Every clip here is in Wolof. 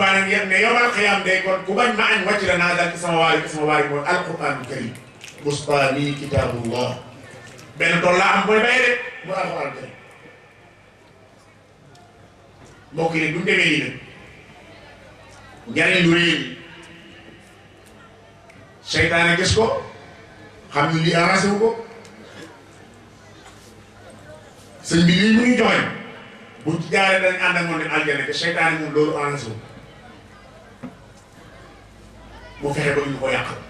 maanaam yéen ne yowmal xiyaam day kon ku bañ ma añ wàcc la naa dal ci sama waari ci sama waari mooy alquran karim bustaani kitabullah benn tool laa am mooy bay rek mu alquran karim mbokk yi lu réy yi seytaane ko xam ni lii ko sëñ bi lii muy joxe bu ci jaaree dañ ànd ak moom dem aljana te loolu arrangé wu mu fexe ba ñu ko yàqal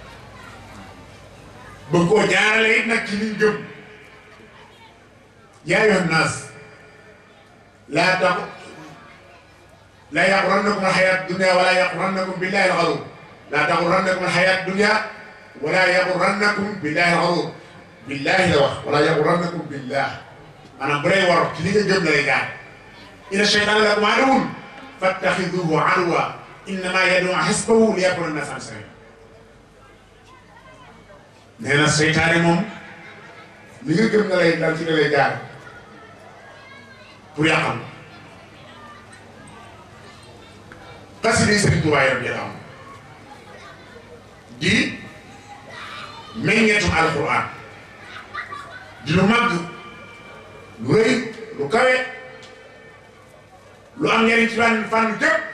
bëgg koo jaarale it nag ci liñ gëm yaa yoon naas laa tax laa yaxurannakum alxayaat dunia wala yaxurannakum billahi alxarur laa taxurannakum alxayaat dunia wala yaxurannakum billahi alxarur billahi la wax wala yaxurannakum billah maanaam bu lay war ci li nga gëm la lay jaar ina cheytaan lakum aduwun fattaxiduhu aduwa innamaa yad'u a liyakunu mina al-khasirin nee na seytaane moom li nga gëm na lay dal ci la lay jaar pour yàqal xasida yi Sëriñ Tuubaa yi am di meññeetum alquran di lu màgg lu rëy lu kawe lu am njëriñ ci fànn fànn jëpp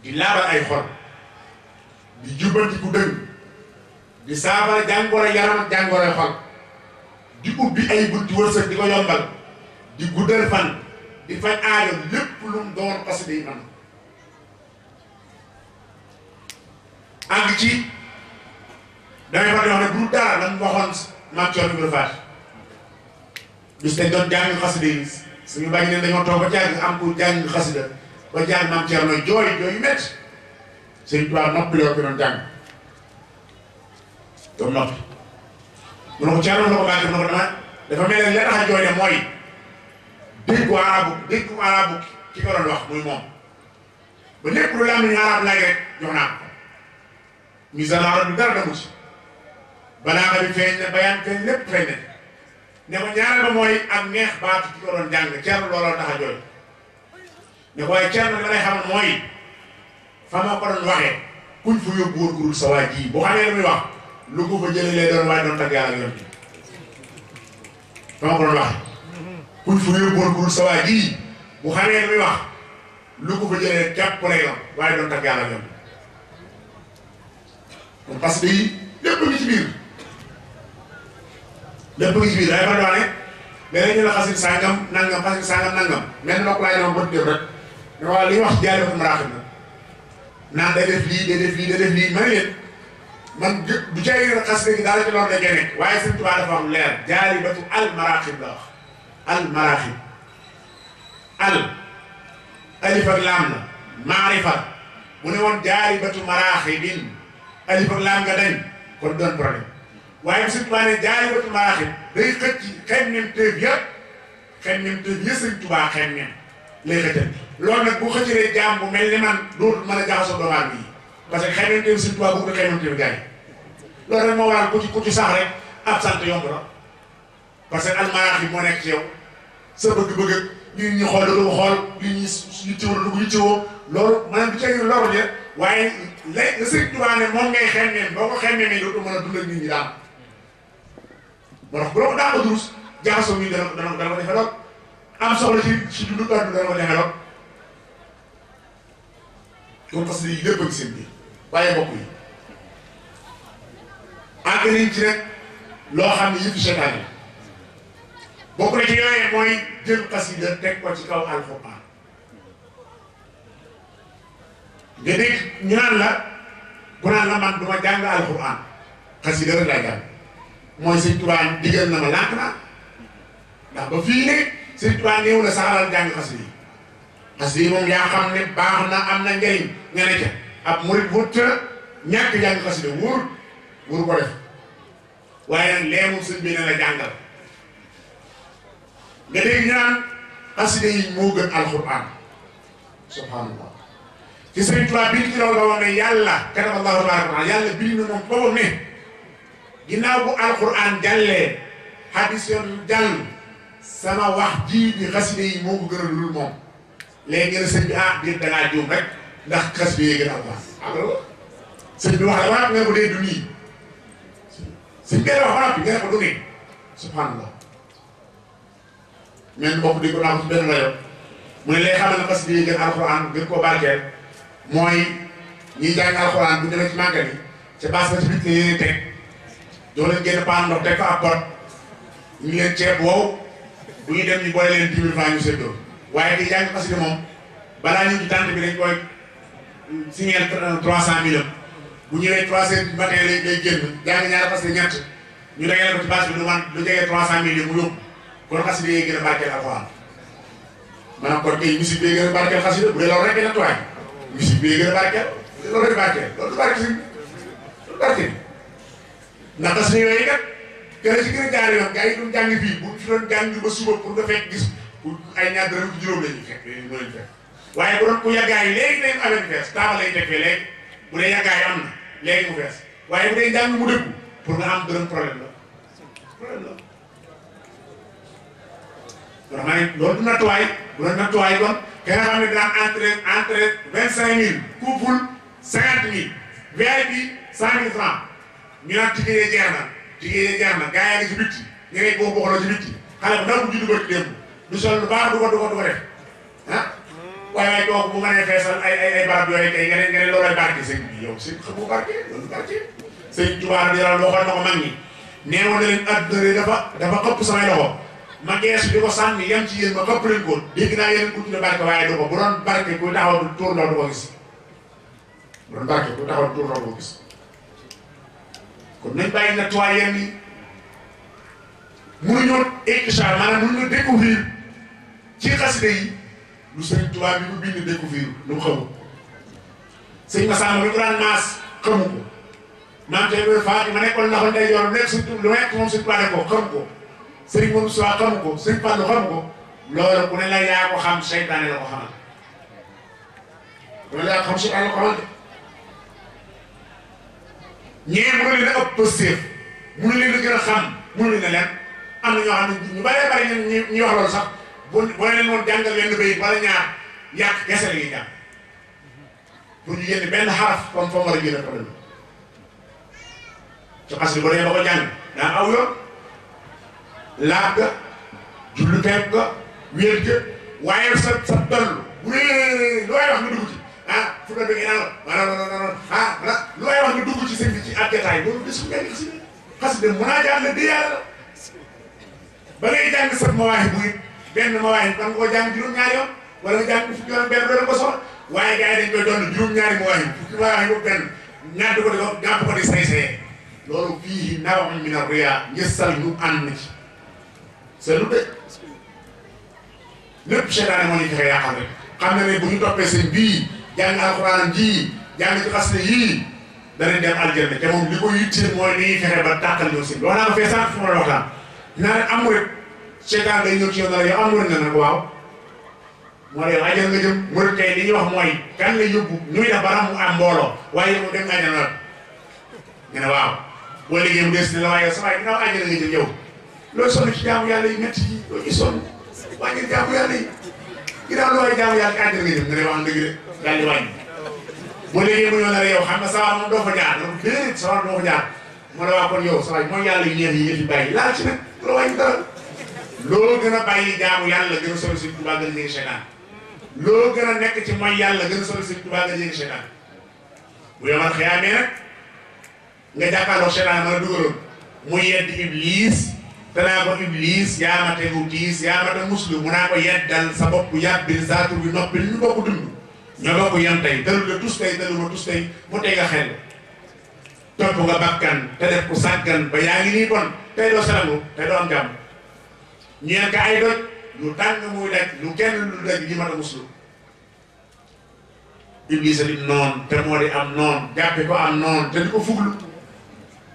di laabal ay xol di jubbanti ku dëng di saafara jàngoro yaram ak jàngoro xol di ubbi ay bunti wërsëg di ko yombal di guddal fan di faj aajo lépp lu mu doon xasida yi man àgg ci damay fa di wax ne bu dara lañ waxoon maam Coor Ibra Faat bis dañ doon jàng xasida yi suñu bàyyi ne dañoo toog ba jàng xasida ba jaay maam Thierno jooy jooy métti sëñ Tuubaa noppi la ko doon jàng dafa mel ne li tax a jooy de mooy déggu arabu déggu arabu ki ko doon wax muy moom ba lépp lu làmmiñu arab laaj rek jox naa ko misaan arab bi dara demu ci balaa nga bi feeñ ne bayaan feeñ lépp feeñ ne ne ko ñaareel ba mooy am neex baatu ki ko doon jàng Thierno looloo tax a jooy ne ko waaye Thierno li ma lay xamal mooy fa ma ko doon lu waxee kuñ fa yóbbu woon ku sa waa ji bu xamee lu muy wax lu ko fa jëlee jàpp doon waaye doon tagg yàlla yoon bi kon parce que lépp ngi ci biir lépp ngi ci biir day fa doone mais dañu la xasin sàngam nangam xasin sàngam nangam mel na ko laay bët def rek waaw li ñu wax jaaree maraax na naan day def lii day def lii day def lii man it man du caa yëngu xas léegi daal ci loolu la ngeen nekk waaye Sëñ Tuubaa dafa am leer jaari batu al maraaxib la wax al maraaxib al alif ak laam la maarifa mu ne woon jaari batu maraaxibin alif ak laam nga dañ kon doon problème waaye Sëñ Tuubaa ne jaari batu maraaxib day xëcc xeeñ ñeent yëpp xeeñ ñeent yëpp Sëñ Tuubaa xeeñ ñeent lay xëccal loolu nag bu xëccalee jaam bu mel ni man dootul mën a jaxasoo doomu aadama yi parce que xaymanteelu Sëñ Tuubaa bu ko xaymanteelu gars yi loolu ñu xool lu li ñuy yittewoo lu ñu yittewoo daal moo bu la ko daan durus jaxasoo mi dana dana dana defee lool. am soxla ci ci dundu àdduna dana ko jafe lool loolu parce que lii lépp ngi seen bi waaye mbokk yi àgg nañ ci loo xam ne yëpp seetaan la bokk na ci mooy jël xasida teg ko ci kaw alxuraan nga dégg ñu naan la ku naan la man du ma jàng alxuraan xasida rek laa jàng mooy sëñ Tuubaa digal na ma lànk naa ndax ba fii ne Sëriñ Tuubaa néew na sa alal jàng xas yaa xam ne baax na am na njëriñ nga ne ab murit wut ñàkk jàng xas yi wóor ko def waaye nag leemul sëñ bi ne la jàngal nga naan xasida yi moo gën alxuraan subhanallah ci Sëriñ Tuubaa bi ci loolu la wax ne yàlla kataba allahu tabaraka yàlla bind na moom boobu jàllee xadis yoon jàll sama wax jii bi xasida yi moo ko gën a lul moom léegi ngeen sëñ bi ah biir dangaa juum rek ndax xasida yi a am alors sëñ bi wax la waaw nga ko wax ne ko du nii subhanallah men bopp di ko mu ne lay xamal ne xasida yi gën alxuraan gën koo barkeel mooy ñiy jàng alxuraan bu demee ci màggal yi ca baas ba ci biir te teg doo leen génn paan ndox teg fa ab pot ñu leen ceeb woow bu ñu dem ñu boy leen dix fa ñu seddo waye di jang parce que mom bala ñu ci bi dañ koy signer 300 millions bu ñëwee trois cent matin lay lay jënd jang ñaar parce que ñatt ñu dajale ko ci base bi du man du jegee 300 millions mu yóbbu kon xasida yi gën a barkeel alxuraan man ko kay musique bi gën a barkeel xasida bu dee rek gën toy tuwaay bi gën barké barkeel rek barkeel loolu barkeel loolu barkeel ndax xasida yooyu kat te la ci a jaar yoon gars yi doon jàng fii bu fi doon jàng ba suba pour nga fekk gis bu doon ku yàggaay yi lay teg fee léegi bu dee yàggaay am na léegi mu fees waaye bu dee njàng mu dëggu pour nga am dërëm problème la problème la wax du nattuwaay bu doon nattuwaay kon xam ne daan entré entré vingt cinq couple cinquante mille VIP cent mille francs ñu naan ticket jeex na jigéen ñi jaar na gaa yaa ngi ci bitti nga nekk boo boxloo ci bitti xale bu ndaw bu juddu bët démb du sol lu baax du ko du ko du ko def ah waaye waaye kooku bu nga nee feesal ay ay ay barab yooyu tey nga ne nga ne loolay barke sëñ bi yow sëñ xamoo barke loolu barke sëñ Tuubaa di la waxoon ko mag ñi neewoon na leen adduna dafa dafa xëpp samay loxo ma gees di ko sànni yem ci yéen ma xëpp leen ko dégg naa yeneen ku tudd barke waaye du ko bu doon barke ku taxaw tuur ndaw du ko gis bu doon barke ku taxaw tuur ndaw du ko gis kon nañ bàyyi nattuwaay yenn yi mënuñoo incha maanaam mënuñu découvrir ci xasida yi lu sëriñ Tuubaa bi mu bind découvrir lu mu xamul sëñ Masamba lu ko daan maas xamu ko maam Thierno Fatou ma nekkoon loxo ndey yor nekk surtout lu nekk moom suñu Tuubaa ko xamu ko sëriñ Moussa Sow xamu ko sëriñ Fallou xamu ko loolu bu ne la yaa ko xam seytaane la ko xamal loolu yaa ko xam seytaane la ko xamal ñee mënu leen a ëpp pësteef mënu leen a gën a xam mënu leen a lekk am na ñoo xam ne ñu bëree bëri ñu ñu wax loolu sax bu boo leen woon jàngal benn béy wala ñaar yàq kese la ñuy jàng pour ñu génn benn xaraf comme foo war a génne problème ci parce que boo demee ba ko jàng daan aw yoon laab ga jullu teeb ga wér ga waaye sa sa dollu bu dee looy wax nga dugg ah fukkeel bi ngeen àndal maanaam ah la lu may wax nga dugg ci sëñ bi ci ak jotaay loolu desul nga nekk si biir xas de munaajaat la di yàlla ba ngay jàng sab mawaahib bu it benn mawaahib man nga ko jàng juróom-ñaari yoon wala nga jàng fukki yoon benn doon ko soxla waaye gars yi dañ koy doon juróom-ñaari mawaahib fukki mawaahib boobu benn ñaar di ko di ko jàpp ko di say-sayee loolu fii nawam min ar-riyaa njësal ñu ànd na ci c'est lu de lépp seetaane moo ñu fexe yàqal rek xam na ne bu ñu toppee seen bii jàng alxuraanam jii jàng ci xas ne yii danañ dem aljanna te moom li ko yitteel mooy ni ñuy fexe ba tàqal ñoom seen wax naa ko fee sànq fu ma la waxtaan naa ne am rek seetaan day ñëw ci yow na yow am nga nag waaw moo ne yow ajal nga jëm mu wax mooy kan la ba am mbooloo waaye yow dem nga nag nga ne waaw boo liggéey mu des ne la waaye yow sa waay ajal nga jëm yow loolu sonn ci jaamu yàlla yi métti yi loolu ñu sonn waa yàlla yi ginnaaw lu war a jaamu yàlla ànd nga def ne wax dëgg de daal di wàññi bu léegi mu ñëw sawar moom doo fa jaar loolu sawar doo fa mu ne waa yow sawar mooy yàlla yu ñeent gën a bàyyi jaamu yàlla gën a sori suñ loo gën a nekk ci mooy yàlla gën a sori gën a jege seetaan bu yomal xiyaamee nag nga jàkkaarloo seetaan ma la dugaloon muy yedd iblis danaa ko iblis yaa ma tegu tiis yaa ma te muslu mu naa ko yeddal sa bopp yàbbil saatu bi noppil ñu bokk dund ñoo bokk yan tey dalu la tus tey dalu ma tus tey mu teg a xel topp nga bakkan te def ko sàggan ba yaa ngi nii bon tey doo sanangu tey doo jàmm ñeen ka ay doj lu tàng muy daj lu kenn lu daj li ma ta muslu iblis a di noon te moo di am noon jàppe ko am noon te di ko fuglu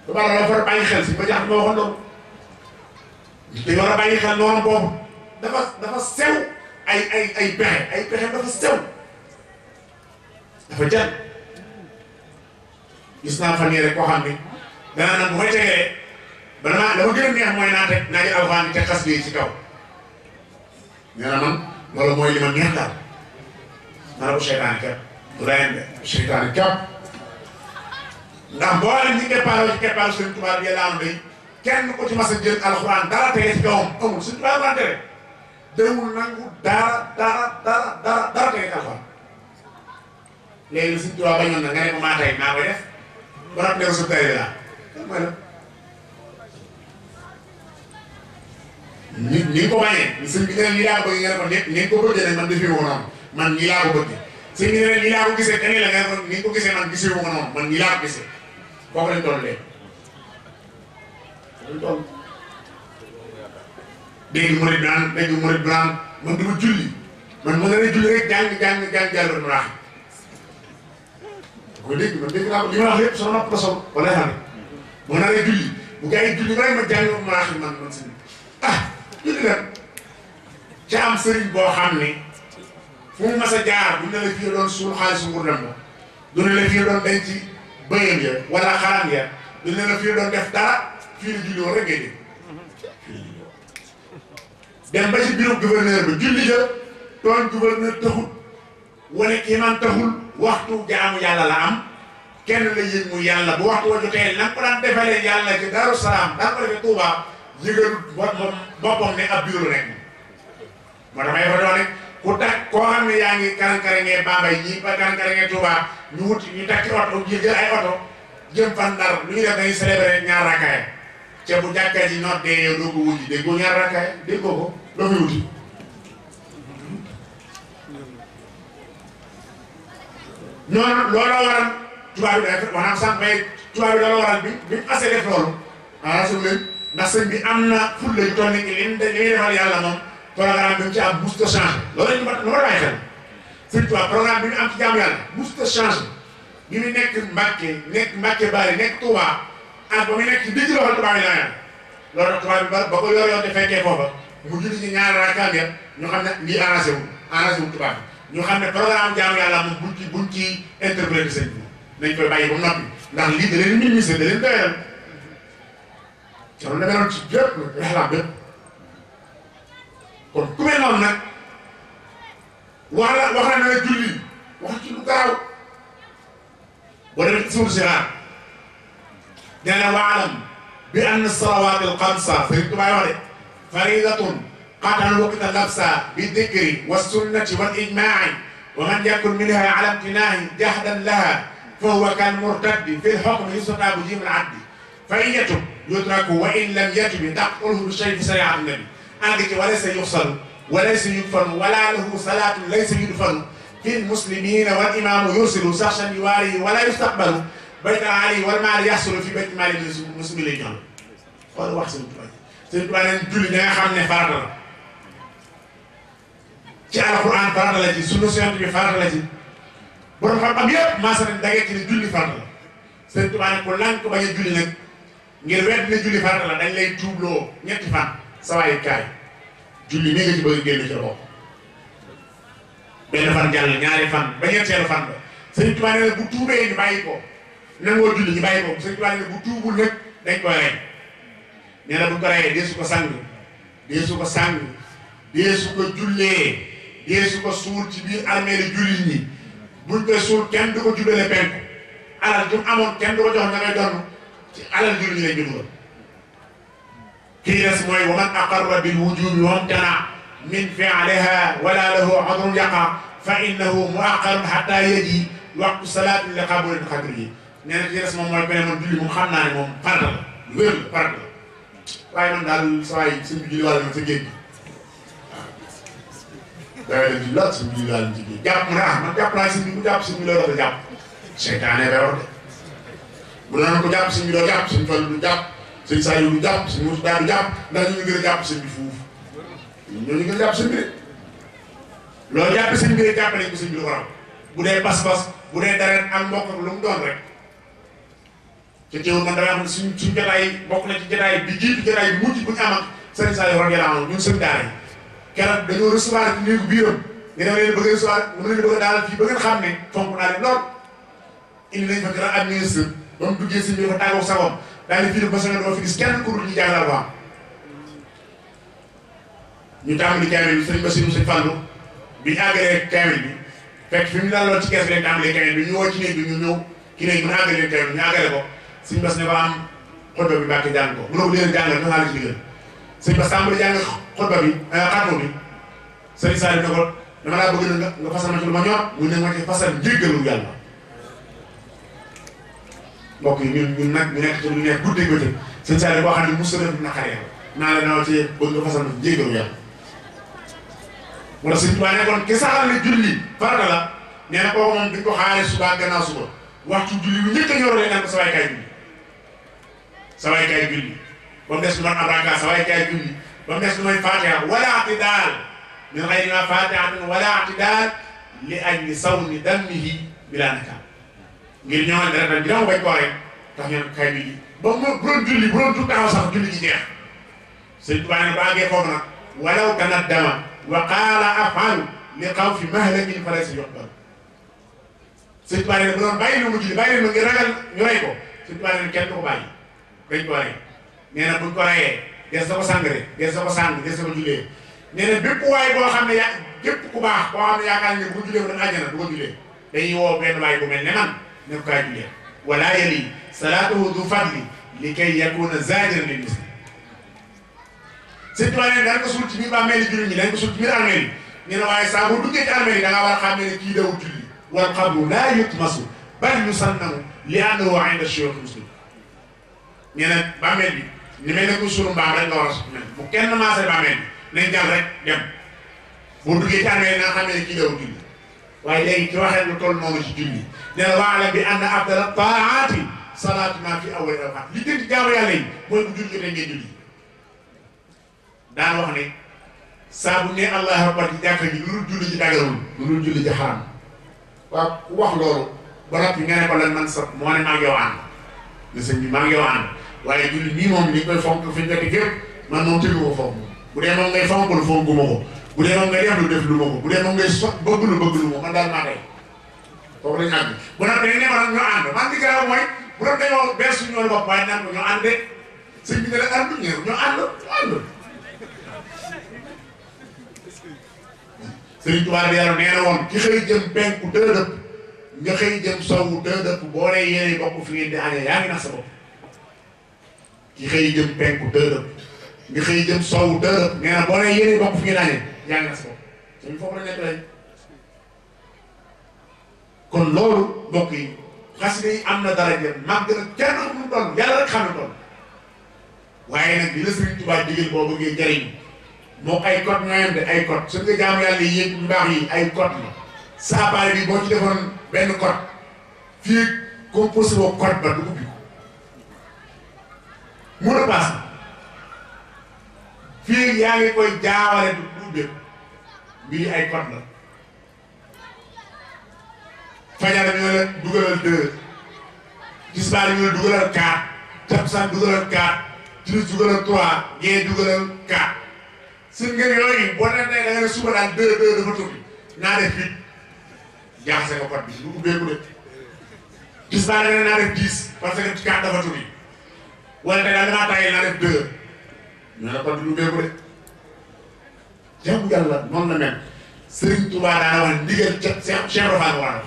ba bara loo far bàyyi xel si ba jax ma waxoon loolu dañu war a bàyyi xel noonu boobu dafa dafa sew ay ay ay pexe ay pexe dafa sew dafa jar gis naa fan yii rek koo xam ne danaa nag bu may tegee ba damaa dama gën a neex mooy naa teg naa jël alxuraan xas bi ci kaw nee na man loolu mooy li ma neex daal ma ne ko seytaane képp du leen de seytaane képp ndax boo leen ci keppaaru ci keppaaru Sëriñ Tuubaa bi yàlla am day kenn ku ci mas a jël alxuraan dara tege ci kawam amul suñu tubaab laa tere demul nangu dara dara dara dara dara tege ci alxuraan léegi suñu tubaab bañoon na nga ne ko maa tey maa koy def ba noppi ne ko suñu tey laa mooy la ni ni ko bañee suñ bi ne nii laa bëgg nga ne ko ni ni ko bëggee nag man defee wu noonu man nii laa ko bëggee suñ bi ne nii laa ko gisee keneen la nga ne ko ni ko gisee man gisee wu ko noonu man nii laa ko gisee kooku lañ doon léegi. di toll dégg murid bi naan dégg murid bi naan man dama julli man ma nga julli rek jàng jàng jàng jàlloon mu naax ko dégg man dégg naa ko li ma wax yëpp sama nopp la sol wala xam ne ma nga julli bu gaa yi julli ma jàng man man si ah julli la ca am sëriñ boo xam ne fu mu mas jaar bu ne la fii doon suul xaalis su nguur dem du ne la fii doon denc bëyam ya wala xaram ya du ne la fii doon def fii la julli war a génne dem ba ci bureau gouverneur bi julli ja doon gouverneur taxul wala kéemaan taxul waxtu jaamu yàlla la am kenn la yëg mu yàlla bu waxtu wa jotee na ko daan defalee yàlla ci Daaru Salaam daan ko defee Touba yëgalu boppam ne yaa ngi kànkare ngee Bambey ñii ba kànkare ngee ñu wut ñu takki oto ñu ay oto jëm fan Ndar lu ñu def dañuy célébrer ñaar rakkaay ca bu jàkka ji noot dee yow doo ko wuti dégg nga ñaar rakkaay déggoo ko doo fi wuti ñooñu looloo bi dafa maanaam sànq may tubaab bi looloo waral bi bi mu asee def loolu maanaam ah suñu am na ful la ñu toll nii li li muy defal programme mu ci am boost changé loolu la ñu mën a bàyyi xel surtout programme bi nekk Mbacke nekk Mbacke Bari nekk Touba. ak ba muy nekk ci digg loxo tubaab yi la ba ko yor yoon te fekkee foofa mu julli ci ñaari raakaam ya ñu xam ne lii arrangé wu arrangé wu tubaab bi ñu xam ne programme jaamu yàlla moom buñ ci buñ ci interprété sëñ bi nañ koy bàyyi ba mu ndax lii da leen minimiser da leen doyal te loolu da ci bépp xalaat bépp kon ne la julli ci lu gaaw boo نانا وعلم بأن الصلوات الخمسة فهمتم أيها الإخوة يعنى؟ فريضة قد أن الوقت اللبسة بالذكر والسنة والإجماع ومن يكن منها على امتناع جهدا لها فهو كان مرتد في الحكم يسرى أبو جيم العبدي فإن يتم يدرك وإن لم يجب تقتله بالشيء في سريعة النبي أنك وليس يغسل وليس يدفن ولا له صلاة ليس يدفن في المسلمين والإمام يرسل سخشا يواري ولا يستقبل bayta ali wal maal yaxsulu fi bayti maali musumi lay ñoon xool wax sëñ Tuubaa sëñ Tuubaa ne farata la ci alxuraan farata la ci sunna sunnat bi farata la ci borom xam-xam yëpp maa sax dangay ci ne julli farata la sëñ Tuubaa nag ko lànk bañ a julli nag ngir wet ne julli farata la dañ lay tuubloo ñetti fan sawaayu kaay julli ni nga ci bëgg génn ci la bokk benn fan jàll ñaari fan ba ñetteelu fan ba sëñ Tuubaa nee bu tuubee ñu bàyyi ko nangoo julli ñu bàyyi ko sëñ Tuubaa ne bu tuubul nag dañ koy rey nee na bu ko reyee dee su ko sang dee su ko sang dee su ko jullee dee su ko suul ci biir armée de jullit ñi buñ koy suul kenn du ko juddale penku alal ju amoon kenn du ko jox da ngay doon ci alal jullit ñi lañ juddal kii des mooy wa man aqarra bil wujubi wamtana min fi'liha wala lahu adrun yaqa fa innahu muaqarun hatta yaji waqtu salaati li qabulil qadri nee na ci des moom mooy beneen man julli moom xam naa ne moom farata la lu wér la farata la waaye man daal saa yi suñ bi julli wàll na sa géej gi waaw da ngay dem julli waat suñ bi julli wàll na sa géej jàpp mu ne ah man jàpp naa suñ bi mu jàpp suñ bi loo doon jàpp seytaane ba wax de bu la ko jàpp suñ bi doo jàpp suñ fal du jàpp suñ saa yi du jàpp suñ mos daa du jàpp ndax ñu ngi gën a jàpp suñ bi fuuf ñooñu gën a jàpp suñ bi de loolu jàpp suñ bi de jàpp nañ ko suñ bi lu ko raw bu dee pas-pas bu dee dara ak mbokk ak lu mu doon rek te teewul man damaa xam suñ suñ jotaay bokk na ci jotaay bi jiitu jotaay bi mujj bu ñu am ak sëriñ Saliou radiyallahu anhu ñun sëriñ daara yi keroog dañoo recevoir a recevoir a daal fii ba ngeen xam ne fonk naa leen lool indi nañ fa grand administre ba mu duggee sëñ bi dafa tàggoo sagom daal di fii de ba sanga doo fi gis kenn ku dul ñu jàngal waa ñu tàmbali kaamil bi sëriñ Bassirou sëñ Fallou bi ñu àggalee kaamil bi fekk fi mu daal lool ci kees bi rek tàmbalee kaamil bi ñu woo ci néeg bi ñu ñëw ki bi ñu àggalee ko suñ bas ne ko am xutba bi Mbàkke jàng ko mu ne ko leen jàngal na xaalis bi gën suñ bas tàmbali jàng xutba bi eh, xarnu bi sëriñ Saliou ne ko dama laa bëgg na nga fasal ma ci lu ma ñor mu ne ma ci fasal njéggalu yàlla mbokk yi ñun ñun nag ñu nekk ci lu neex guddeeg bëccëg sëriñ Saliou boo xam ne mos a def naqaree naa la nawa ci bëgg nga fasal ma ci njéggalu yàlla wala sëñ Tuubaa nekkoon ki saxal ne julli farata la nee na kooku moom duñ ko xaaree suba gannaaw suba waxtu julli bu njëkk a ñoroo leen naan ko sa waay kaay julli samay kay julli ba mu des lu man abraka samay kay julli ba mu des lu may fatiha wala atidaal min xayri ma fatihatin wala atidaal li ajli sawmi dammihi bila nakaam ngir ñëwaat dara tam bi dama bañ koo rek tax ñu kay julli ba mu bu julli bu doon tukkaaw sax julli ji neex sëñ Tuubaa ne ba àggee foofu nag walaw kanat ngir ragal ñu rey ko sëñ Tuubaa ne dañ ko rey nee na buñ ko reyee des na ko sangare des na ko sang des na ko jullee nee na bépp waay boo xam ne yaa bépp ku baax boo xam ne yaakaar ne bu ko jullee bu doon àjjana du ko jullee dañuy woo benn waay bu mel ne man ne ko kaa jullee wala yali salaatuhu du fadli li kay yakuna zaajiran lil muslim sëñ Tuubaa nee dañ ko suul ci biir bàmmeel yi jullit ñi dañ ko suul ci biir armeel yi nee na waaye saa bu duggee ci armeel yi da ngaa war a xam ne kii dawul julli wal qabru laa yutmasu bal yusannamu li annahu inda shuyuuxil muslimin ñu ne bàmmeel bi ni mel ne ko sunu mbaam rek nga war a mel bu kenn maase bàmmeel bi nañ jàll rek dem bu duggee ci amee na xamee ci daw julli waaye léegi ci waxee lu toll noonu ci julli ne waala bi ànd abdala taati salaatu maa fi awal awqaat li gën ci jaamu yàlla yi mooy bu julli jotee ngay julli daan wax ne saa bu ne allah akbar ci jàkka ji lu dul julli ji dagarul lu dul julli ji xaram waaw ku wax loolu ba noppi nga ko lan man sa moo ne maa ngi yow ne sëñ bi maa ngi yow waaye jullit bii moom ñu koy fonk fi nekk gépp man moom tëju ko fonk bu dee moom ngay fonkul fonk ma ko bu dee moom ngay def lu def lu ma ko bu dee moom ngay so bëgg lu bëgg lu ma man daal maa tey foofu lañu àgg bu nag dañu ne ma nag ñoo ànd man di garaaw mooy bu doon dañoo bees suñu ñoo bopp waaye naan ko ñoo ànd de sëñ bi ne la ànd ñëw ñoo ànd ñoo ànd Sëriñ Tuubaa di yaru nee na woon ki xëy jëm penku dëdëpp nga xëy jëm sowu dëdëpp boo dee yéene bokk fi ngeen di añee yaa ngi nax sa bopp ki xëy jëm penku dërëm bi xëy jëm sowu dërëm nee na boo nee yéen bokk fu ñu daanee yaa ngi nas ko suñu foofu la nekk lañ kon loolu mbokk yi xasida am na daraja màgg na kenn am doon yàlla rek xam na doon waaye nag li la Sëriñ Tuubaa digal boo bëggee njëriñ moo ay code ñooyam de bi boo ci benn code fii composé woo ba du ubbi mën a paas fii yaa ngi koy jaawale du duubee mbir ay code la fajar ñu ne dugalal deux tisbaar ñu ne dugalal quatre takkusaan dugalal quatre timis dugalal trois gee dugalal quatre suñ ngeen yooyu nee tey da nga ne suba daal deux deux dafa tur naa def huit jaaxase bi du ubbeeku de tisbaar da nga ne naa def dix parce que wala tey daal damaa tàyyi naa def deux ñu ne kon du beeku de jaamu yàlla noonu la mel Serigne Touba daana wax ndigal ca Cheikh Cheikh Rafa nga war a wax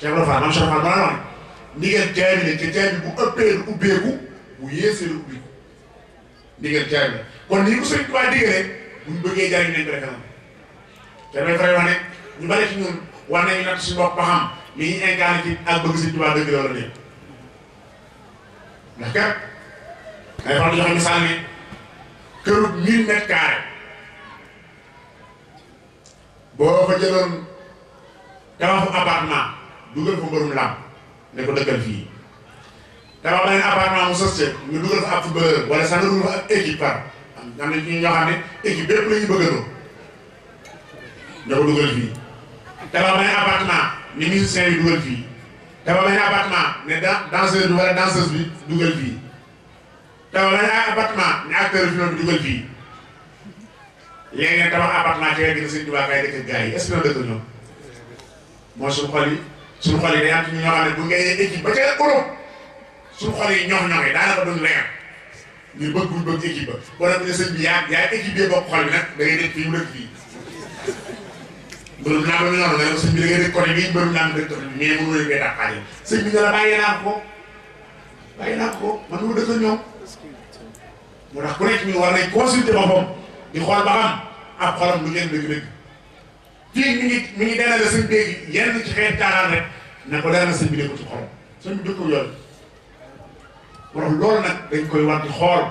Cheikh Rafa maam Cheikh Rafa balaa wax ndigal jaay bi ne ca jaay bi bu ëppee lu ubbeeku bu yeesee lu ubbi ndigal jaay bi kon nii bu Serigne Touba digalee bu ñu bëggee jariñ nañ ko defee noonu te damay faral wax ne ñu bari ci ñun war nañu natt suñu bopp ba xam li ñu incarné ci ak bëgg Serigne Touba dëgg la wala déet ndax kat. day faral di joxe misaal ni këru 1000 mètres carrés boo fa jëloon tabaxu appartement dugal fa mbërum làmb ne ko dëkkal fii tabax beneen appartement mu sës ñu dugal fa ab footballeur wala sax nga dugal fa ab équipe par am na ñoo xam ne équipe bépp la ñu bëgganoo ne ko dugal fii tabax beneen appartement ni musicien yi dugal fii tabax beneen appartement ne danseur bi wala danseuse bi dugal fii tabax nañu abattement ne acteur bi noonu dugal fii léegi nag tabax abattement ci wér-gu-ne Sëñ Tuubaa kay dëkk gars yi est ce que ñoo dëkk ñoom mooy suñu xol yi suñu xol yi day am ci ñoo xam ne bu ngeen équipe ba ca Europe suñu xol yi ñox-ñox yi daanaka duñ leer ñu bëgg ñu bëgg équipe ba wala bu ne sëñ bi yaa yaa équipe bee bokk xol bi nag da ngay dëkk fii mu dëkk fii. mbërum naa ba mu ñor nga ne sëñ bi da ngay dëkk côté bii mbërum naa mu dëkk côté bi mais mënu leen koy dàqaale sëñ bi nga la bàyyi naa ko bàyyi naa ko man mu dëkk ñoom. moo tax ku nekk ñun war nañ consulter boppam di xool ba xam ab xolam lu leen dëgg-dëgg fii mi ngi mi ngi denale sëñ béegi yenn ci xeet caaxaan rek na ko dana sëñ bi nekk ci xolam sëñ bi dëkk yoon moo tax loolu nag dañ koy war di xool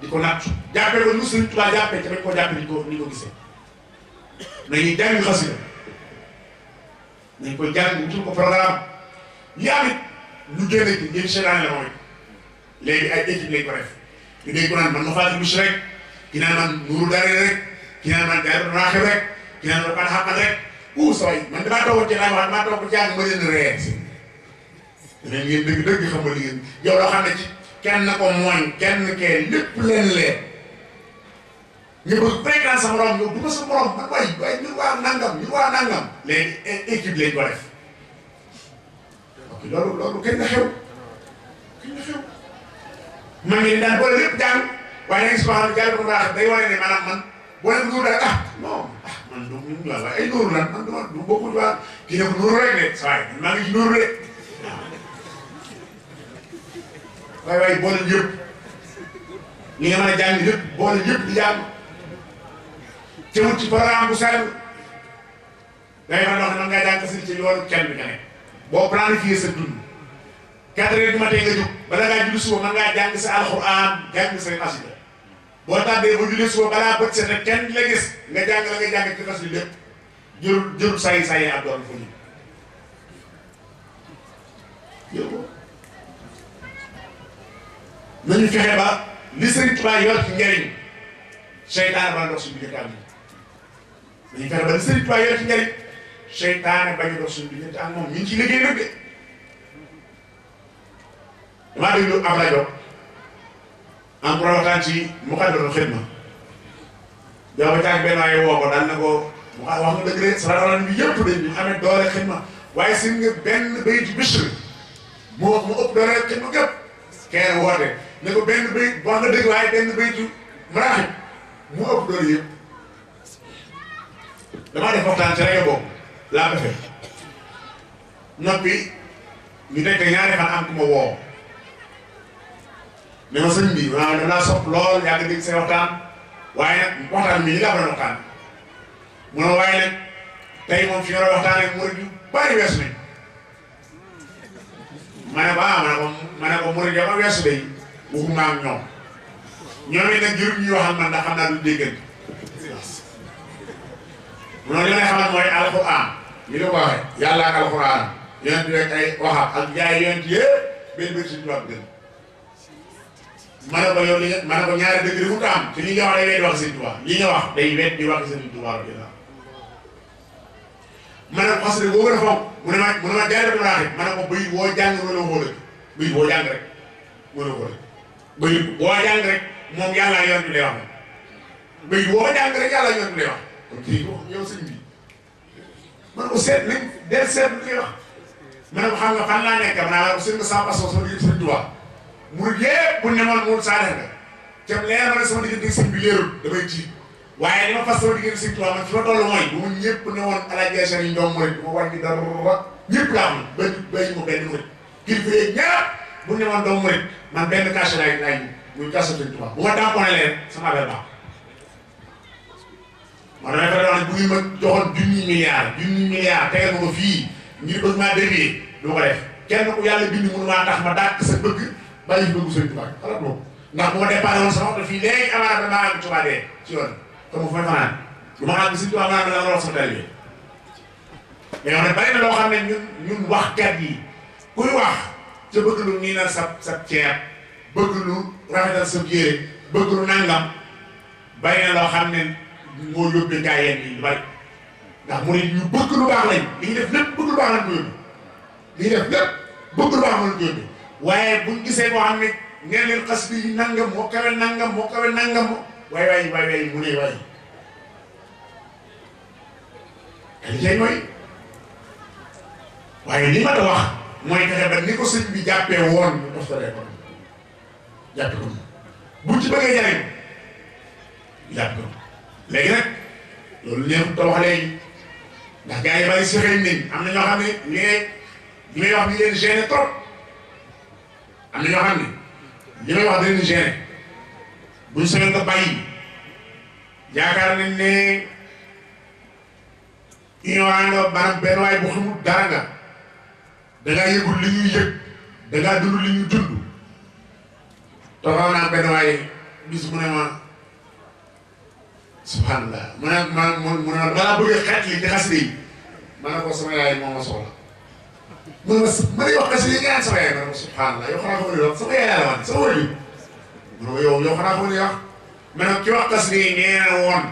di ko natt jàppee ko ñu sëñ Tuubaa jàppee ci bañ koo jàppee di ko di ko gisee nañuy jàng xasida nañ ko jàng utul ko programme yaa nit lu génn ci yéen seetaan la mooy léegi ay équipe lañ nga dégg ko naan man ma fàttali bés rek ki naan man nuuru dare rek ki naan man jaay raaxib rek ki naan man xamal rek ou sooy man damaa toogoon ci laaj wax damaa toog jàng ma leen reer danañ ngeen dëgg dëgg xam nga li ngeen yow loo xam ne ci kenn ko mooñ kenn kee lépp leen leen ñu bëgg fréquence sa morom yow du ko sa morom man way way ñu waa nangam ñu waa nangam léegi équipe lañ ko def ok loolu loolu kañ la xew kañ la xew man ngeen daan boole lépp jàng waaye da ngay subhaana jàng bu baax day wane ne maanaam man boo dem nuur ah man du ñu ñu waaye ay nuur lan man du ma du bokkul waa kii ne ko nuur rek de saa yi maa ngi ci nuur rek waaye waaye boole yëpp li nga mën a jàng lépp boole yëpp di jàng te wut ci programme bu sell day mën a wax ne man ngaa si ci yoonu kenn bi nga ne boo planifié sa dund. quatre heures du matin nga jóg bala ngaa julli suba mën ngaa jàng alxuraan jàng sa xasida boo tàmbee ba julli suba balaa bët set rek kenn la gis nga jàng la nga jàng ci xasida lépp jërul jërul sayi sayi ab doon fa ñu jërul nañu fexe ba li Sëriñ Tuubaa yor ci njëriñ seytaane ba ndox suñu diggante ak moom nañu fexe ba li Sëriñ Tuubaa yor ci njëriñ seytaane bañ a dox ci liggéey nag de damaa déglu am rajo en provoquant ci Moukhaddamatoul Khidma yow ba caag benn waaye woo ko daal na ko mu wax nga dëgg de saratalan bi yëpp dañ ñu amee doole xidma waaye seen nga benn bayit Bichri mu wax mu ëpp doole xidma gépp kenn woote ne ko benn bayit wax nga dëgg waaye benn bayitu Maraxib mu ëpp doole yëpp damaa def waxtaan ci rajo boobu noppi ñu nekk ñaari fan am ku ma woo ne ma sëñ bi waaw sopp lool yàgg dégg seen waxtaan waaye nag waxtaan bi li nga xam ne waxtaan mu tey moom fi nga doon waxtaanee murid yu bari weesu nañ ma ne ko ah ma ne ko ne ko murid yama weesu day waxuma ak ñoom ñoom it nag jërëm ñuy waxal man ndax xam naa duñ déggal mu ne li may xamal mooy alxuraan ko waxee yàlla ak alxuraan yonent rek ay waxam ak jaay yonent yëpp benn benn suñu ma ko yow li nga ko ñaari dëgg mu ta am te li day weet wax sëñ Tuubaa li nga day weet wax sëñ Tuubaa la jëla ma ne ko xas boo gën a fonk mu ne mu ne ma jaay dafa laaxi ma rek mën a xóolal bëy boo wax bëy rek yàlla lay yow sëñ bi ma ko seet nañ del seet li ngay wax ma ne ko xam nga fan laa nekk ma naa la ko sëñ nga sa façon sama digg sëñ murid yëpp bu ne ma Mourou Sadikh nga cam leer ma ne sama diggante sëñ bi leerul damay tiit waaye li ma fas sama diggante sëñ Tuubaa man fi ma toll mooy bu mu ñëpp ne woon alaaji Asan yi doom murid du ma wàññi dara ñëpp laa mun ba bañu ma benn murid kilifa yeeg ñaar bu ne woon doom murid man benn kaas laay laay muy kaas sëñ Tuubaa bu ma tamponné leen sama affaire baax man damay faral di wax bu ñu ma joxoon junni milliard junni milliard tegal ma ko fii ngir bëgg maa dévier du ma ko def kenn ku yàlla bind mënu maa tax ma dàq sa bëgg bayi bëgg sëñ Tuubaa xalaat boobu ndax bu ma sama oto fii léegi amaana damaa am Tuubaa dee ci yoon te mu fay fanaan lu ma sama dalil mais orang ne bari na loo xam ñun ñun waxkat yi kuy wax ca bëgg lu nii na sa sa ceeb bëgg lu rafetal sa yére bëgg lu nangam bari na loo xam ne moo yi ndax mu ñu waaye buñ gisee boo xam ne ngeen leen xas bi nangam moo kawe nangam moo kawe nangam waaye waaye waaye waaye mu ne waaye qualité mooy waaye li ma la wax mooy fexe ba ni bi jàppee woon ñu toftalee ko jàpp ko buñ ci bëggee jariñ jàpp ko loolu léegi te wax léegi ndax gars yi bari si am na ñoo xam ne li ngay li leen gêné trop am na ñoo xam ne ñu ni géré buñ soobee nga bàyyi yaakaar nañ ne ignorant nga maanaam benn waay bu xamul dara nga da ngaa yëgul li ñuy yëg da ngaa dund li ñuy dund toxoon naa benn waay bis mu ne ma subhanallah mu ne ma mu ne ma xas yi ma ko sama yaay moo ma soxla. mun ma su ma lay wax xasida yi ñaan sama yaay ma ne ko subhanallah yow xanaa xamu ne wax sama yaay laa la wax sama wàllu ma ne ko yow yow xanaa xamu ne wax ma ne ki wax xasida yi nee na woon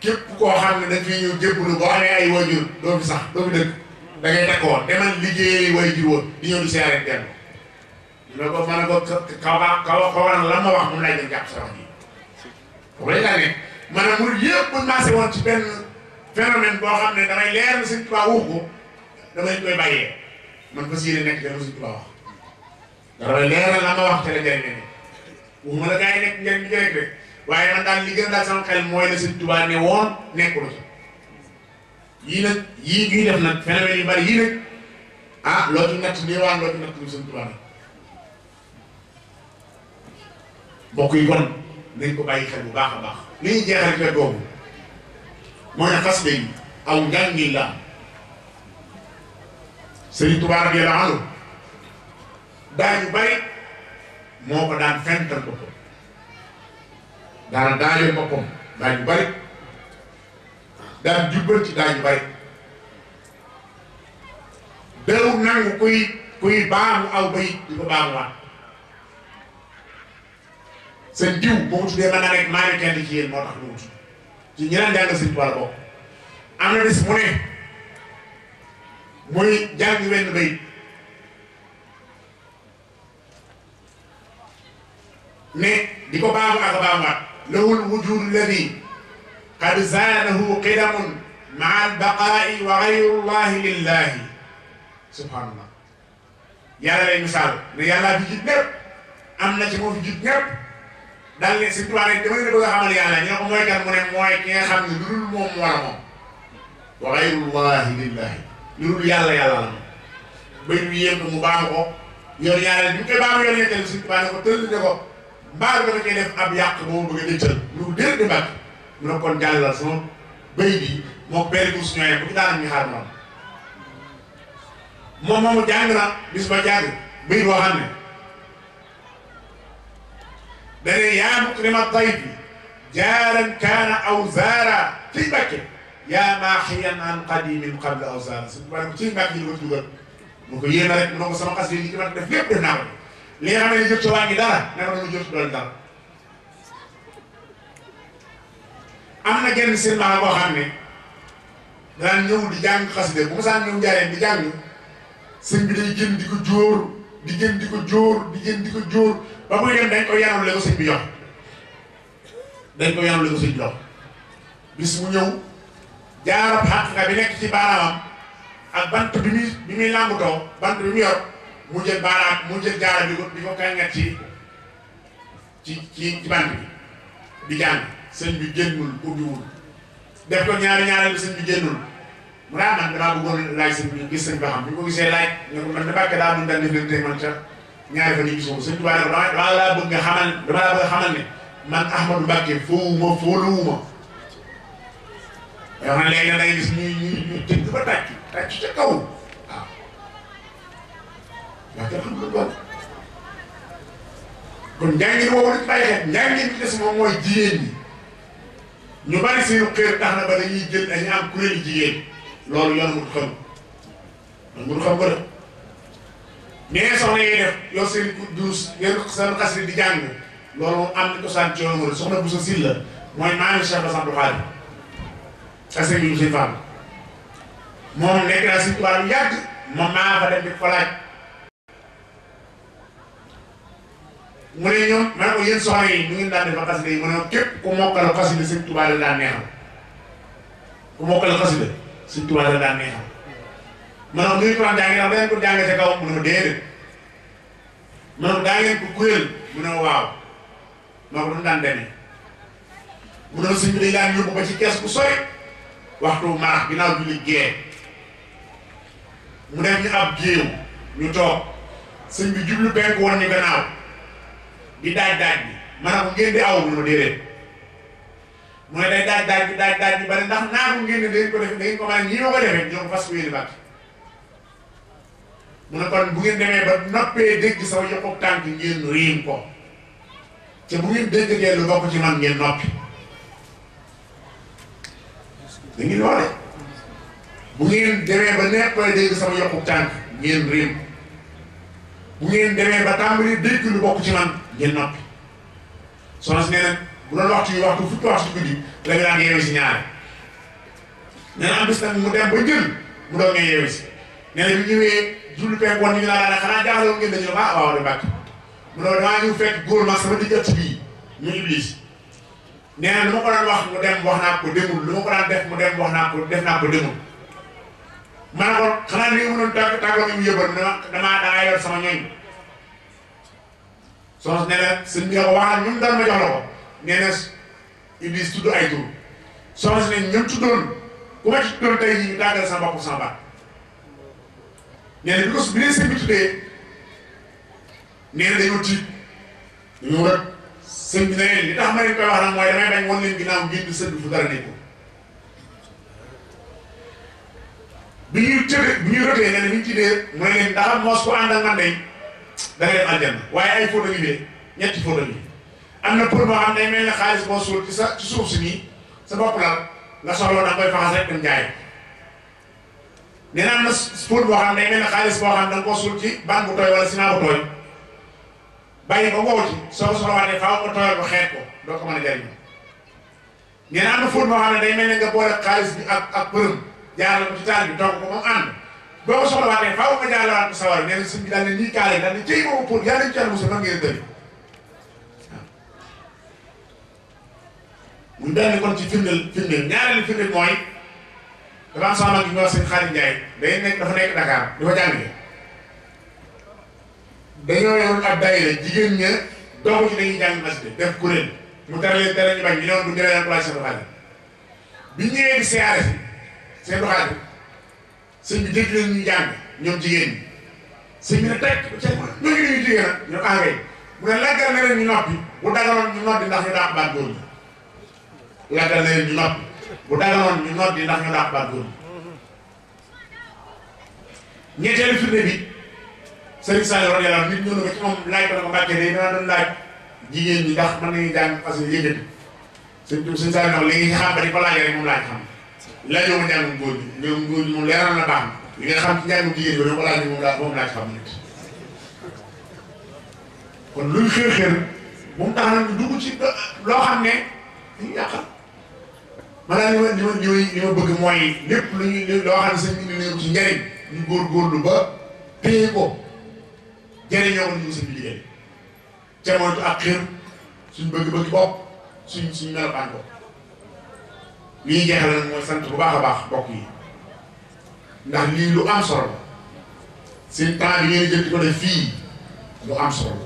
képp koo xam ne dañ fi ñëw jébbalu boo amee ay wajur doo fi sax doo fi dëkk da ngay takk woon demal liggéeyi wajur woon di ñëw di seereen kenn ma ne ko ma ne ko kaw kaw kaw lan ma wax moom laay gën jàpp sa wax ji boobu lañ laa ne ma ne murid yëpp buñ maase woon ci benn phénomène boo xam ne damay leer na sëñ Tuubaa wuux ko damay koy bàyyee man fas yéene nekk dana suñ tubaab wax dara leeral la ma wax te la njëriñ ne waxuma la gars yi nekk njëriñ bi rek waaye man daal li gën daal sama xel mooy la suñ tubaab ne woon nekkul ci yii nag yii ñuy def nag phénomène yi bari yii nag ah loo ci nag mbokk yi kon nañ ko bàyyi xel bu baax a baax li ñuy jeexal rek la boobu mooy fas day aw njàngin la sëriñ Tuubaa radiyallaahu anhu daañu bari moo ko daan fental boppam daana daajal boppam daañu bari daan jubbal ci daañu bari daw nangu kuy kuy baamu aw bayit di ko baamuwaat seen diw boo ko tuddee mën naa rek maa ngi kenn ci yéen moo tax ñu wut ci ñeneen jàng sëriñ Tuubaa la bokk am na bis mu muy jàng wenn bayit ne di ko baamu ak qad zaanahu qidamun maa albaqaa'i wa gayrullahi lillahi subhanallah yàlla lay misaal ne yàllaa fi jit am na ci moo fi jit ñépp daal ne si tubaab yi dama leen bëgg a xamal yàlla ñu kan mu ne mooy ki nga xam ne dul moom wala moom wa gayrullahi lillahi lu dul yàlla yàlla la bay bi yéen mu baamu ko yor ñaareel bi ñu koy baamu yor ñetteel suñu baax ne ko tëll ne ko mbaar dama koy def ab yàq boobu bëgg a dëccal lu dér di mbàkk mu ne kon jàllal sama bay bi moo bere bu suñu yem bu ci daanam ñu xaar moom moom moomu jàng na bis ba jàng bay boo xam ne dane yaa mukrima taybi jaaran kaana aw zaara fiy bàkke yaa naaxiyan an qadimin qabla awsan su ma ko ciy mbàkk ñu ko dugal mu ko yéen rek mu ko sama xas yi ñu ci mën def lépp def naa ko li nga xam ne jot ci waa ngi dara naka la ñu jot doon dara. na genn seen maxa boo xam ne daan ñëw di jàng xas de bu ma saan ñëw jaareen di jàng sëñ bi day gën di ko jóor di gën di ko jóor di gën di ko jóor ba muy dem dañ ko yanul le ko sëñ bi jox dañ ko yanul le ko sëñ bi jox bis mu ñëw. jaarab xàq nga bi nekk ci baaraamam ak bant bi muy bi muy làmbutoo bant bi mu yor mu jël baaraam mu jël jaarab bi ko di ko kàngat ci ci ci bant bi di jàng sëñ bi génnul ubbiwul def ko ñaari ñaari bi sëñ bi mu ne ah, man damaa bëggoon laaj sëñ bi gis sëñ ba xam bi ko gisee laaj nga ko man damaa ko daa mun daan def tey man sax ñaari fan yi gisoo sëñ Tuubaa dama laa bëgg nga xamal laa bëgg xamal ne man Ahmadou Mbacké foowu ma fóoluwu ma yoo xam ne léegi dangay gis ñuy ñuy ñuy tëgg ba tàcc tàcc ca kaw waaw waaw kenn xam nga loolu kon njàngin woowu lañ bàyyi xel njàngin bi des moom mooy jigéen ñi ñu bari seen xeer tax na ba dañuy jël dañuy am kuréelu jigéen loolu yoon mut xam yoon mut xam ko def mais soxna yi def yow seen duus ngeen seen xas di jàng loolu am na cosaan ci yoon soxna bu sa sil la mooy maami Cheikh Bass Abdou Khadre sa sëriñ Moussa Fall moom nekk naa si tubaab yàgg ma maa fa dem di ko laaj mu ko yéen soxna yi ngi daan def xasida yi mu ne képp ku mokkal xasida sëñ Tuubaa la daan neexal ku mokkal ko ngeen ko daan jàngee ndax dangeen ko jàngee kaw mu ne ko déedéet ma ne ko daa ngeen ko kuréel mu waaw ma ne ko doon daan demee mu ne ko sëñ bi dañ ba ci kees bu sori waxtu marax ginnaaw julli gee mu def ñu ab géew ñu toog sëñ bi jublu penk woon ñu gannaaw di daaj daaj bi ma ne ko ngeen di aw mu déedéet mu ne day daaj daaj bi daaj daaj bi ba ne ndax naa ko ngeen di dangeen ko def dangeen ko ma ko defee ñoo ko fas wéyale ne kon bu ngeen demee ba noppee dégg sama yokku tànk ngeen riim ko te bu ngeen dégg lu bokk ci man ngeen noppi da ngeen wax bu ngeen demee ba nepp dégg sama yokku tànk ngeen réem bu ngeen demee ba tàmbali dégg lu bokk ci man ngeen noppi soxna si nee na bu doon waxtu yi waxtu fukki waxtu guddi la nga daan yeewi si ñaare nee na am bis nag mu dem ba njël mu doon nga yeewi si nee na bi ñëwee julli peeg woon ñu la daane xanaa jaaxle ngeen dañu ne waaw de bàkk mu ne damaa fekk góor ma sama diggante bii ñu iblis nee na lu ma ko daan wax mu dem wax naa ko demul lu ma ko daan def mu dem wax naa ko def naa ko demul ma ne ko xanaa li nga mënoon tàgg tàggoo ñu yëbal dama damaa daa yor sama ñooñ soxna ne la sëñ bi nga ko wax na ñun daan ma jox la ko nee na Iblis tudd ay tur soxna ne ñun tuddoon ku ma ci tuddoon tey jii ñu tàggal sama bopp sama baat nee na bi ko bi leen sëñ bi tuddee nee na dañoo tiit dañoo rëb sëñ bi ne li tax ma leen koy wax na mooy damay bañ wan leen ginnaaw ngeen di sëdd fu dara nekkul bi ñuy tëddee bi ñuy rëtee ne ne bi ñu tëddee leen ndax moos ku ànd ak man de da ngay waaye ay fóot yu bee ñetti fóot yu am na pour moo xam ne xaalis boo suuf si nii sa bopp laal nga soxla woon da nga koy na am xaalis boo xam da nga koo suul ci ban bu tooy wala sinaa bu tooy. bàyyi ba wow ci soo ko soxlawaatee faaw ko tooyal ko xeet ko doo ko mën a jariñoo ngeen am na fóot moo xam ne day mel ne nga boole xaalis bi ak ak përëm jaarale ko ci taal bi togg ko moom ànd boo ko soxlawaatee faaw ko ci yàlla musul nan ngeen dëri waaw muñ benn kon ci firndeel firndeel ñaareelu firndeel mooy dafa am sama day nekk dafa nekk Dakar di fa jàngee dañoo yoroon ab daayira jigéen ña doxu ci dañuy jàng masjid def kuréel mu tere leen tere ñu bañ ñu ne woon bu ñu demee yan place bi ñëwee di siyaare fi seen doxaat sëñ bi dégg leen ñu jàng ñoom jigéen ñi sëñ bi ne teg ca ñoo ngi leen di jigéen nag ñu engrais mu ne laggal na leen ñu noppi bu dagaloon ñu noppi ndax ñu daax baat góor ñi laggal na leen ñu noppi bu dagaloon ñu noppi ndax ñu daax baat góor ñi ñetteelu firnde bi. Serigne Sall radiyallahu nit ñëw na ko ci moom laaj ko na ko mbàkkee day dana doon laaj jigéen ñi ndax mën nañu jàng fas yëngati ko laaj rek laaj ko njàngum ko laaj moom laaj xam nit kon luy xër mu tax nag ñu loo xam ne dañuy yàqal maanaam lu ne ñu ci njëriñ ñu ba téye ko jëriñoo ko ñu suñu liggéey ca moytu ak xir suñ bëgg-bëgg bopp suñ suñ melokaan bopp li ñuy jeexal nag sant bu baax a baax mbokk yi ndax lii lu am solo la seen temps bi ngeen fii lu am solo la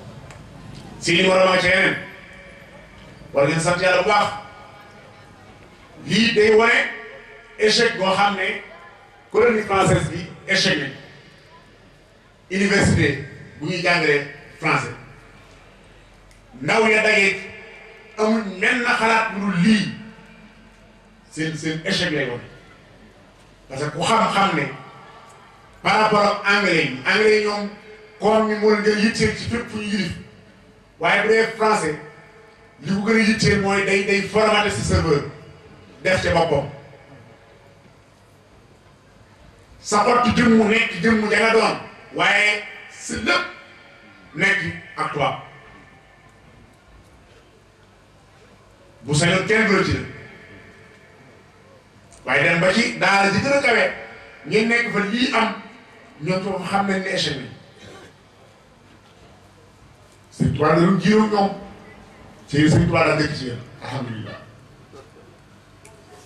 seeni war a ma ca war ngeen sant yàlla bu baax lii day wane échec boo xam ne colonie bu ñuy jàngalee français ndaw ya daje amul menn xalaat bu dul lii seen seen échec lay wane parce que ku xam-xam ne par rapport ak anglais yi anglais yi ñoom koom ñu moo leen gën a ci fépp fu ñu waaye bu dee français li ko gën a yitteel mooy day day formaté si serveur def ca boppam sa xottu jëmmu nekk jëmmu ja nga doon waaye si lépp nekk ak tubaab bu sañoon kenn du la ci waaye dem ba ci daal di gën kawe ñu nekk fa lii am ñoom foofu xam nañ ne échec bi sëñ tubaab da doon ñoom ci sëñ tubaab daal dëkk ci yéen alhamdulilah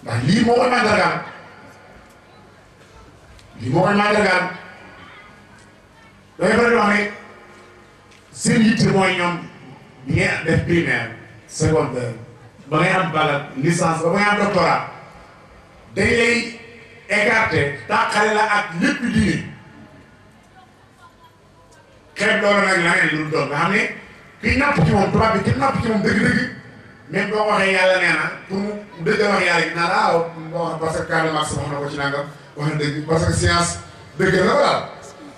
ndax lii moo koy màndargaan lii moo koy màndargaan dangay faral di wax ne seen yitte mooy ñoom bi ngay def primaire ba ngay am bac licence ba ba ngay am doctorat dañ lay écarté la ak lépp diine xeeb loolu nag la ngeen lu doon nga xam ki napp ci moom tubaab ki napp ci moom dëgg-dëgg même boo waxee yàlla nee na pour mu dëgg wax yàlla gi naa la ah parce que Karl Marx wax na ko ci nangam wax na dëgg parce que science dëgg la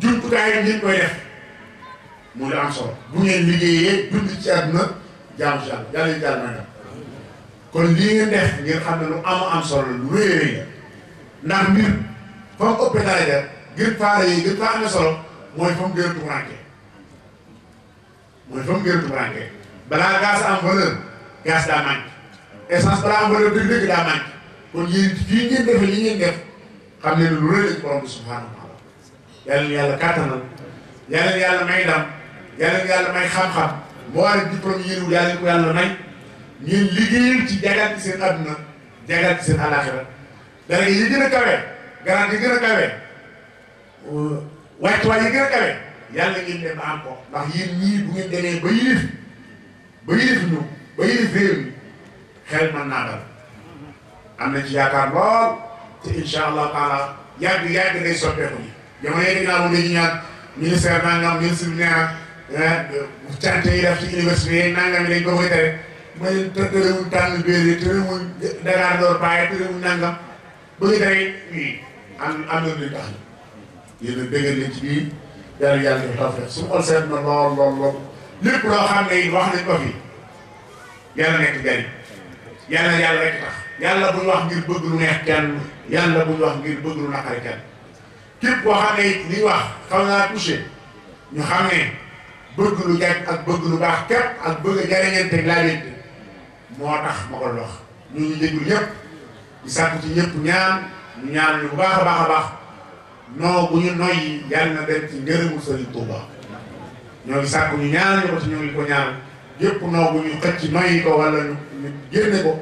jumtukaay yi nit koy def mu la am solo bu ngeen liggéeyee dund ci àdduna jaamu si yàlla yàlla yu jàll may kon lii ngeen def ngeen xam ne lu am am solo lu rëy rëy la ndax mbir fa mu ëppee daay def gën faa rëy gën faa amee solo mooy fa mu gën a mooy fa mu gën a balaa gaz am valeur gaz daa manqué essence balaa am valeur dëgg-dëgg daa manqué kon yéen fii ngeen defee li ngeen xam ne lu rëy la ci borom bi yàlla yàlla kàttanal yàlla yàlla may ndam yàlla yàlla may xam-xam moo war a diplôme yéen wut yàlla ko yàlla may ngeen liggéeyal ci jagaat seen adduna jagaat seen alaxira dara yi gën a kawe garant yi gën a kawe euh, wàccuwaay yi gën a kawe yàlla ngeen dem am ko ndax yéen ñii bu ngeen demee ba yilif ba yilif ñu ba yilif réew mi xel naa dal am na ci yaakaar lool te incha allah taala yàgg yàgg day soppeeku jamono yi ginnaaw moom dañuy ñaan ministère nangam ministre bi nee na eh, cante yi def ci université yi nangam yi dañ ko koy tere ma leen tërëwul tànn béere tërëwul Dakar door bàyyi tërëwul nangam bëgg tere am na luñ tax yéen a dëggal leen ci bii yàlla yàlla def tawfeex su xol seet na lool lool wax nañ ko fi bu ñu ngir bëgg lu neex kenn yàlla bu ñu ngir bëgg lu naqari kenn képp koo xam ne it liy wax xaw naa touché ñu xam ne bëgg lu jag ak bëgg lu baax képp ak bëgg a jariñante laajante moo tax ma ko lox ñu ñu déglu ñëpp di sàkku ci ñëpp ñaan ñu ñaan ñu bu baax a baax a baax noo bu ñu noyyi yàlla na dem ci ngërëmu Sëriñ Tuuba ñoo ngi sàkku ñu ñaan ñu ko ci ñoo ngi ko ñaan yëpp noo bu ñu xëcc noyyi ko wala ñu génne ko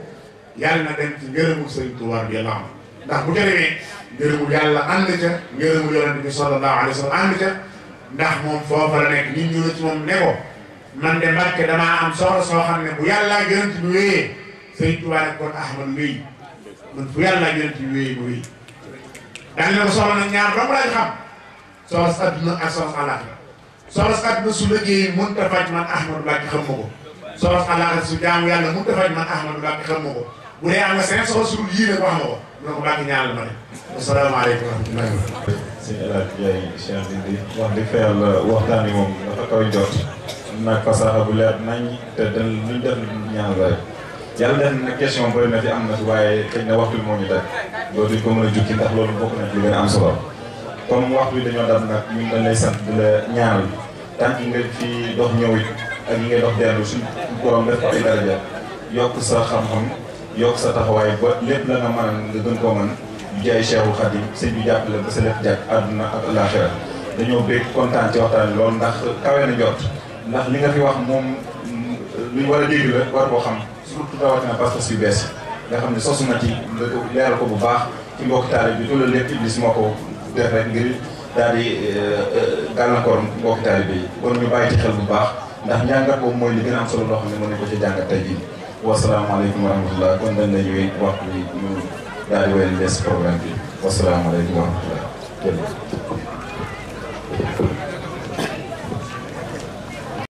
yàlla na dem ci ngërëmu Sëriñ Tuuba bi yàlla am ndax bu ca demee ngërëmul yàlla ànd ca ngërëmul yonent bi la nekk ñun ñu ci moom ne ko man de Mbàkke am soxla soo xam ne su a faj man Ahmadu Mbàkke xam a ko bu dee su dul yii nag wax ma ko mun na ko bànk ñaanal ma ne asalaamaaleykum wa rahmatulah sëñ El Hadj Ndiaye wax di fa yàlla a yi moom leer nañ te dañ luñ def ñaanal rek yàlla def na question bëri na fi am na fi waaye xëy na waxtu moom moo ñu teg dootuñ ko mën a jukki ndax loolu bokk na li gën am solo comme waxtu bi dañoo dab nag ñu dañ lay sant di la ñaanal fi dox ñëw it ak yi nga dox dellu suñ borom def ko daraja yokk sa xam-xam yokk sa taxawaay ba lépp la nga mën nga gën koo mën di jaay Cheikhul Khadim sëñ bi jàppale ba sa lépp jàkk àdduna ak àllaaxira dañoo bëgg kontaan ci waxtaan lool ndax kawe na jot ndax li nga fi wax moom luñ war a dégg la war koo xam surtout rawatina pas-pas yu bees nga xam ne sosu na ci nga leeral ko bu baax ci mbokk taalib bi loolu lépp iblis moo ko def rek ngir daal di euh, euh, gàllankoor mbokk taalib bi kon ñu bàyyi ci xel bu baax ndax njàngat boobu mooy li gën loo xam ne mën nañ ko ci jàngat tey wasalaamaaleykum wa rahmatulah kon dañ lay wéy waxtu bi ñu daal di wéyal des programme bi wasalaamaaleykum wa rahmatulah jërëjëf